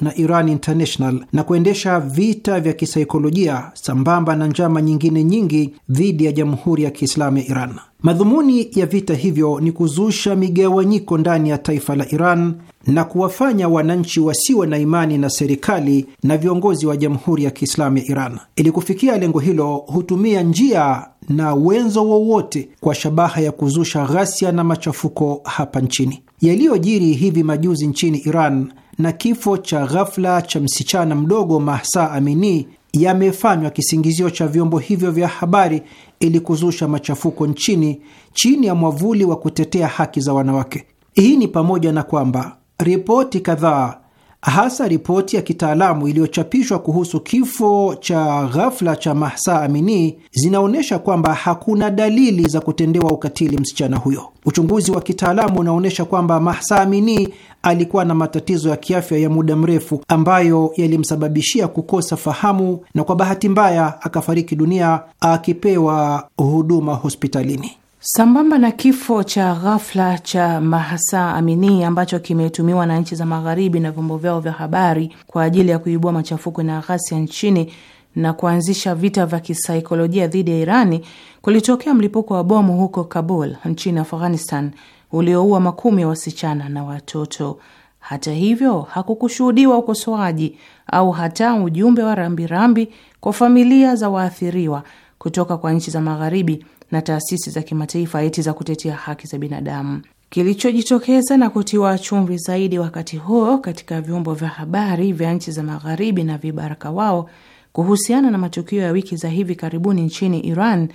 na Iran International na kuendesha vita vya kisaikolojia sambamba na njama nyingine nyingi dhidi ya Jamhuri ya Kiislamu ya Iran. Madhumuni ya vita hivyo ni kuzusha migawanyiko ndani ya taifa la Iran na kuwafanya wananchi wasiwe na imani na serikali na viongozi wa Jamhuri ya Kiislamu ya Iran. Ili kufikia lengo hilo, hutumia njia na wenzo wowote kwa shabaha ya kuzusha ghasia na machafuko hapa nchini. Yaliyojiri hivi majuzi nchini Iran na kifo cha ghafla cha msichana mdogo Mahsa Amini yamefanywa kisingizio cha vyombo hivyo vya habari ili kuzusha machafuko nchini chini ya mwavuli wa kutetea haki za wanawake. Hii ni pamoja na kwamba ripoti kadhaa hasa ripoti ya kitaalamu iliyochapishwa kuhusu kifo cha ghafla cha Mahsa Amini zinaonyesha kwamba hakuna dalili za kutendewa ukatili msichana huyo. Uchunguzi wa kitaalamu unaonyesha kwamba Mahsa Amini alikuwa na matatizo ya kiafya ya muda mrefu ambayo yalimsababishia kukosa fahamu na kwa bahati mbaya akafariki dunia akipewa huduma hospitalini. Sambamba na kifo cha ghafla cha Mahsa Amini ambacho kimetumiwa na nchi za Magharibi na vyombo vyao vya habari kwa ajili ya kuibua machafuko na ghasia nchini na kuanzisha vita vya kisaikolojia dhidi ya Irani, kulitokea mlipuko wa bomu huko Kabul nchini Afghanistan ulioua makumi ya wasichana na watoto. Hata hivyo, hakukushuhudiwa ukosoaji au hata ujumbe wa rambirambi kwa familia za waathiriwa kutoka kwa nchi za Magharibi na taasisi za kimataifa eti za kutetea haki za binadamu. Kilichojitokeza na kutiwa chumvi zaidi wakati huo katika vyombo vya habari vya nchi za Magharibi na vibaraka wao kuhusiana na matukio ya wiki za hivi karibuni nchini Iran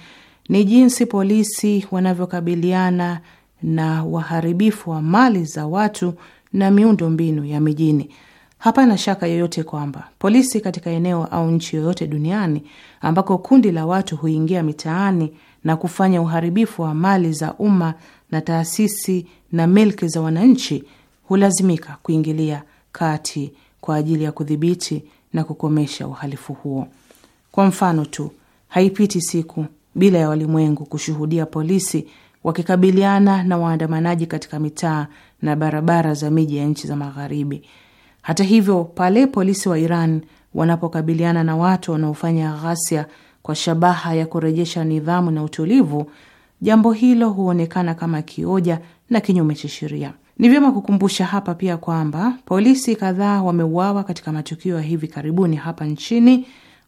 ni jinsi polisi wanavyokabiliana na waharibifu wa mali za watu na miundo mbinu ya mijini. Hapana shaka yoyote kwamba polisi katika eneo au nchi yoyote duniani ambako kundi la watu huingia mitaani na kufanya uharibifu wa mali za umma na taasisi na milki za wananchi hulazimika kuingilia kati kwa ajili ya kudhibiti na kukomesha uhalifu huo. Kwa mfano tu, haipiti siku bila ya walimwengu kushuhudia polisi wakikabiliana na waandamanaji katika mitaa na barabara za miji ya nchi za Magharibi. Hata hivyo, pale polisi wa Iran wanapokabiliana na watu wanaofanya ghasia kwa shabaha ya kurejesha nidhamu na utulivu, jambo hilo huonekana kama kioja na kinyume cha sheria. Ni vyema kukumbusha hapa pia kwamba polisi kadhaa wameuawa katika matukio ya hivi karibuni hapa nchini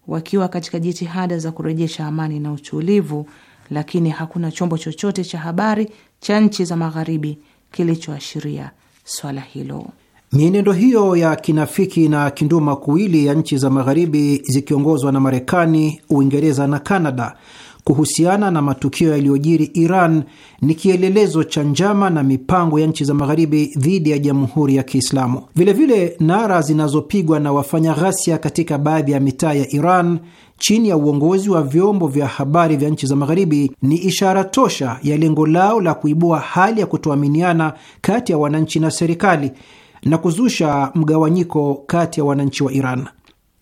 wakiwa katika jitihada za kurejesha amani na utulivu, lakini hakuna chombo chochote cha habari cha nchi za magharibi kilichoashiria swala hilo. Mienendo hiyo ya kinafiki na kinduma kuwili ya nchi za Magharibi zikiongozwa na Marekani, Uingereza na Kanada kuhusiana na matukio yaliyojiri Iran ni kielelezo cha njama na mipango ya nchi za Magharibi dhidi ya Jamhuri ya Kiislamu. Vilevile, nara zinazopigwa na wafanya ghasia katika baadhi ya mitaa ya Iran chini ya uongozi wa vyombo vya habari vya nchi za Magharibi ni ishara tosha ya lengo lao la kuibua hali ya kutoaminiana kati ya wananchi na serikali na kuzusha mgawanyiko kati ya wananchi wa Iran.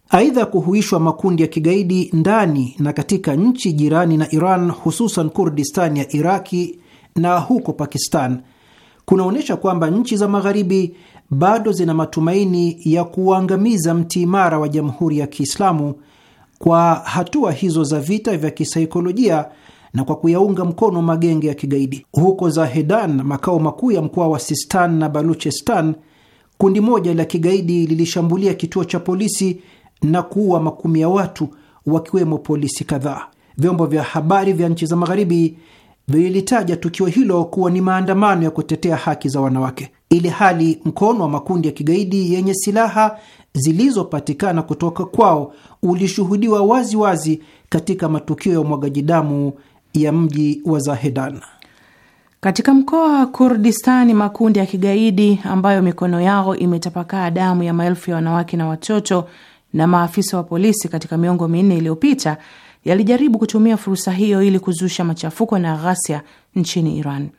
Aidha, kuhuishwa makundi ya kigaidi ndani na katika nchi jirani na Iran, hususan Kurdistani ya Iraki na huko Pakistan kunaonyesha kwamba nchi za Magharibi bado zina matumaini ya kuangamiza mti imara wa Jamhuri ya Kiislamu kwa hatua hizo za vita vya kisaikolojia na kwa kuyaunga mkono magenge ya kigaidi. Huko Zahedan, makao makuu ya mkoa wa Sistan na Baluchestan, Kundi moja la kigaidi lilishambulia kituo cha polisi na kuua makumi ya watu, wakiwemo polisi kadhaa. Vyombo vya habari vya nchi za magharibi vilitaja tukio hilo kuwa ni maandamano ya kutetea haki za wanawake, ili hali mkono wa makundi ya kigaidi yenye silaha zilizopatikana kutoka kwao ulishuhudiwa waziwazi katika matukio ya umwagaji damu ya mji wa zahedana katika mkoa wa Kurdistani makundi ya kigaidi ambayo mikono yao imetapakaa damu ya maelfu ya wanawake na watoto na maafisa wa polisi katika miongo minne iliyopita yalijaribu kutumia fursa hiyo ili kuzusha machafuko na ghasia nchini Iran.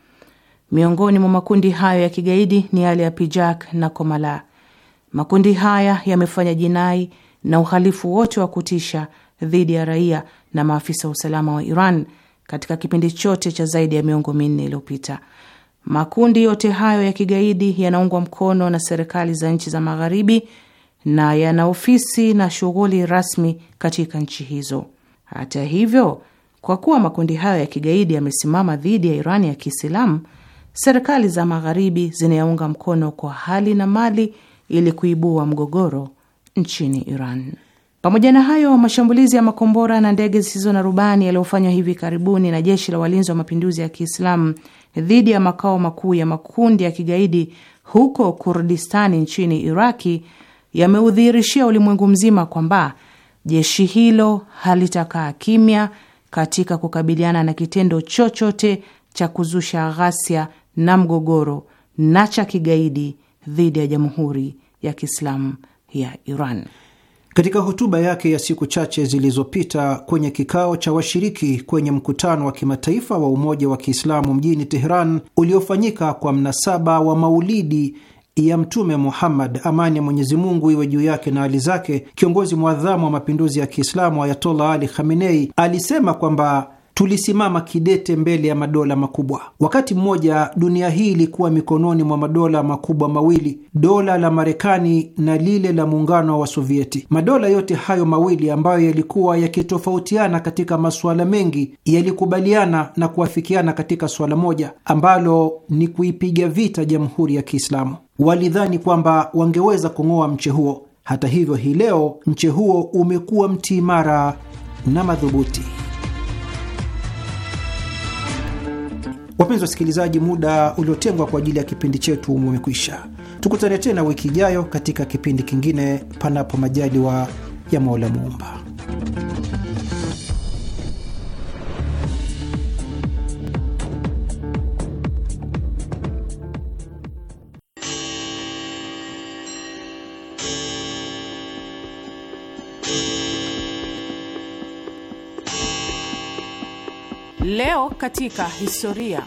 Miongoni mwa makundi hayo ya kigaidi ni yale ya Pijak na Komala. Makundi haya yamefanya jinai na uhalifu wote wa kutisha dhidi ya raia na maafisa wa usalama wa Iran katika kipindi chote cha zaidi ya miongo minne iliyopita. Makundi yote hayo ya kigaidi yanaungwa mkono na serikali za nchi za Magharibi na yana ofisi na shughuli rasmi katika nchi hizo. Hata hivyo, kwa kuwa makundi hayo ya kigaidi yamesimama dhidi ya Irani ya Kiislamu, serikali za Magharibi zinayaunga mkono kwa hali na mali ili kuibua mgogoro nchini Iran. Pamoja na hayo, mashambulizi ya makombora na ndege zisizo na rubani yaliyofanywa hivi karibuni na jeshi la walinzi wa mapinduzi ya Kiislamu dhidi ya makao makuu ya makundi ya kigaidi huko Kurdistani nchini Iraki yameudhihirishia ulimwengu mzima kwamba jeshi hilo halitakaa kimya katika kukabiliana na kitendo chochote cha kuzusha ghasia na mgogoro na cha kigaidi dhidi ya Jamhuri ya Kiislamu ya Iran. Katika hotuba yake ya siku chache zilizopita kwenye kikao cha washiriki kwenye mkutano wa kimataifa wa Umoja wa Kiislamu mjini Teheran uliofanyika kwa mnasaba wa maulidi ya Mtume Muhammad, amani ya Mwenyezi Mungu iwe juu yake na hali zake, kiongozi mwadhamu wa mapinduzi ya Kiislamu Ayatollah Ali Khamenei alisema kwamba tulisimama kidete mbele ya madola makubwa. Wakati mmoja dunia hii ilikuwa mikononi mwa madola makubwa mawili, dola la Marekani na lile la muungano wa Sovieti. Madola yote hayo mawili ambayo yalikuwa yakitofautiana katika masuala mengi, yalikubaliana na kuafikiana katika suala moja ambalo ni kuipiga vita Jamhuri ya Kiislamu. Walidhani kwamba wangeweza kung'oa mche huo. Hata hivyo, hii leo mche huo umekuwa mti imara na madhubuti. Wapenzi wasikilizaji, muda uliotengwa kwa ajili ya kipindi chetu umekwisha. Tukutane tena wiki ijayo katika kipindi kingine, panapo majaliwa ya Mola Muumba. Leo katika historia.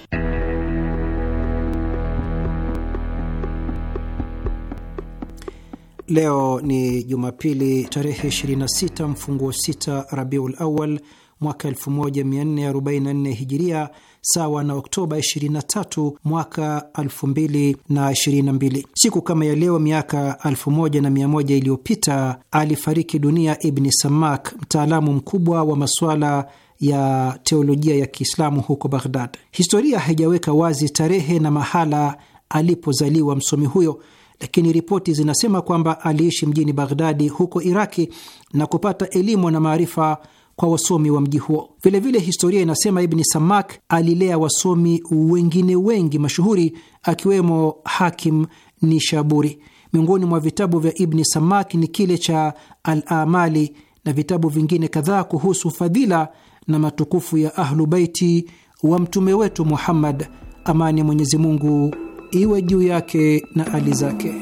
Leo ni Jumapili tarehe 26 mfunguo 6 Rabiul Awal mwaka 1444 Hijiria, sawa na Oktoba 23 mwaka 2022. Siku kama ya leo miaka 1100 iliyopita alifariki dunia Ibni Samak, mtaalamu mkubwa wa masuala ya teolojia ya Kiislamu huko Baghdad. Historia haijaweka wazi tarehe na mahala alipozaliwa msomi huyo, lakini ripoti zinasema kwamba aliishi mjini Baghdadi huko Iraki na kupata elimu na maarifa kwa wasomi wa mji huo. Vilevile historia inasema Ibni Samak alilea wasomi wengine wengi mashuhuri akiwemo Hakim Nishaburi. Miongoni mwa vitabu vya Ibni Samak ni kile cha Al Amali na vitabu vingine kadhaa kuhusu fadhila na matukufu ya Ahlu Baiti wa mtume wetu Muhammad, amani ya Mwenyezi Mungu iwe juu yake na ali zake.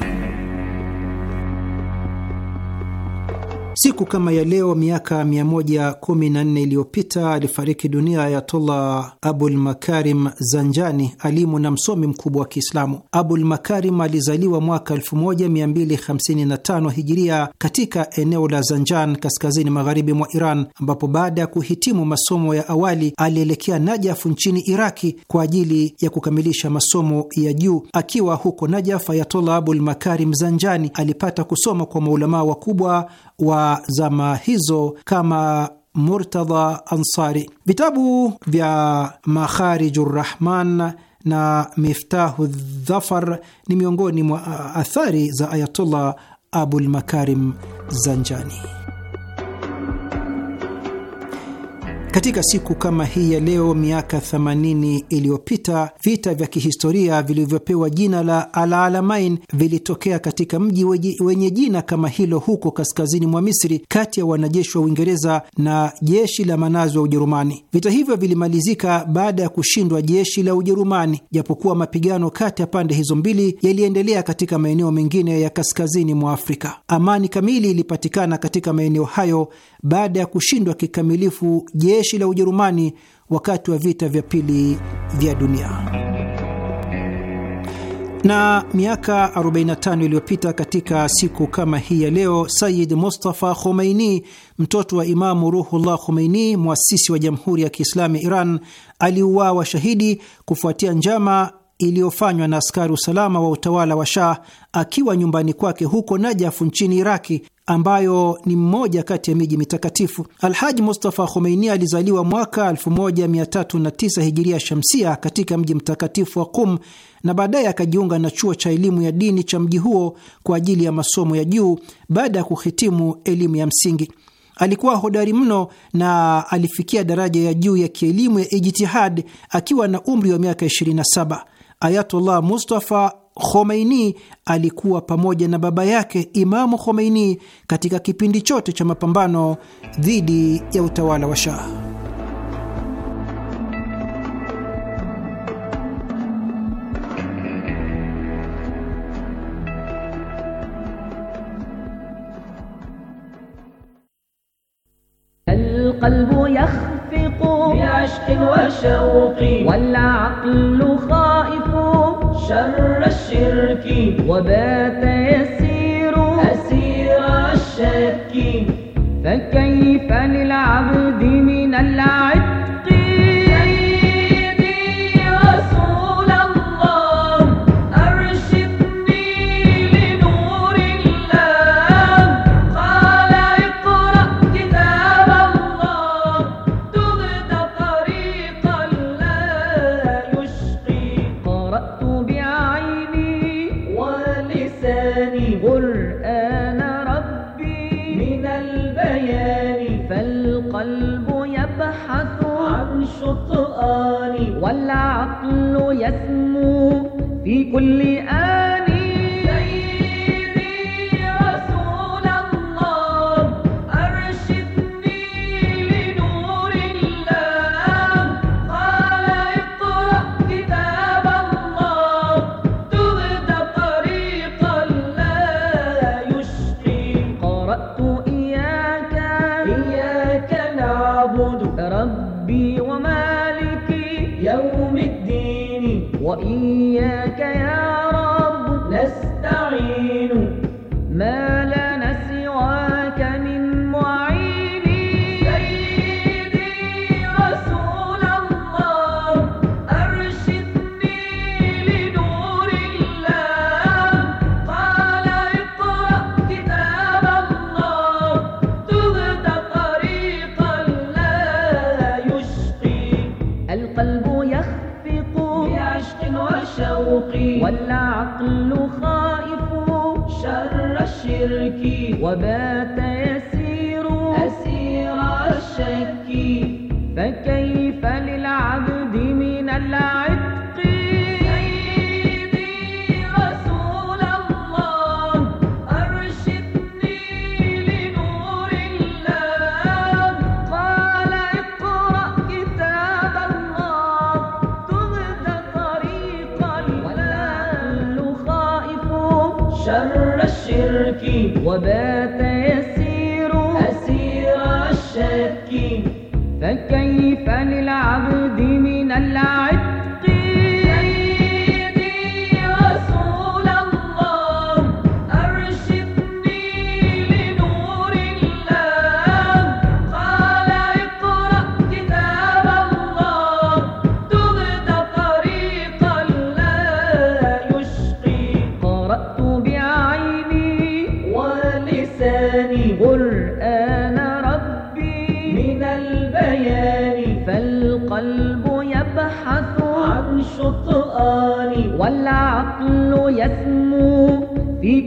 Siku kama ya leo miaka 114 iliyopita alifariki dunia Ayatollah Abul Makarim Zanjani, alimu na msomi mkubwa wa Kiislamu. Abul Makarim alizaliwa mwaka 1255 Hijiria katika eneo la Zanjan, kaskazini magharibi mwa Iran, ambapo baada ya kuhitimu masomo ya awali alielekea Najafu nchini Iraki kwa ajili ya kukamilisha masomo ya juu. Akiwa huko Najaf, Ayatollah Abul Makarim Zanjani alipata kusoma kwa maulamaa wakubwa wa zama hizo kama Murtadha Ansari. Vitabu vya Makhariju Rahman na Miftahu Dhafar ni miongoni mwa athari za Ayatullah Abulmakarim Zanjani. Katika siku kama hii ya leo miaka 80 iliyopita vita vya kihistoria vilivyopewa jina la alalamain vilitokea katika mji wenye jina kama hilo huko kaskazini mwa Misri, kati ya wanajeshi wa Uingereza na jeshi la manazi wa Ujerumani. Vita hivyo vilimalizika baada ya kushindwa jeshi la Ujerumani, japokuwa mapigano kati ya pande hizo mbili yaliendelea katika maeneo mengine ya kaskazini mwa Afrika. Amani kamili ilipatikana katika maeneo hayo baada ya kushindwa kikamilifu jeshi jeshi la Ujerumani wakati wa vita vya pili vya dunia. Na miaka 45 iliyopita katika siku kama hii ya leo, Sayid Mustafa Khomeini, mtoto wa Imamu Ruhullah Khomeini, mwasisi wa Jamhuri ya Kiislamu ya Iran, aliuawa shahidi kufuatia njama iliyofanywa na askari usalama wa utawala wa Shah akiwa nyumbani kwake huko Najafu nchini Iraki ambayo ni mmoja kati ya miji mitakatifu. Alhaji Mustafa Khomeini alizaliwa mwaka 1309 hijiria shamsia katika mji mtakatifu wa Qum na baadaye akajiunga na chuo cha elimu ya dini cha mji huo kwa ajili ya masomo ya juu baada ya kuhitimu elimu ya msingi. Alikuwa hodari mno na alifikia daraja ya juu ya kielimu ya ijtihad akiwa na umri wa miaka 27. Ayatullah Mustafa Khomeini alikuwa pamoja na baba yake Imamu Khomeini katika kipindi chote cha mapambano dhidi ya utawala wa Shah. Al-qalbu yakh عشق وشوق والعقل خائف شر الشرك وبات يسير أسير الشك فكيف للعبد من العتق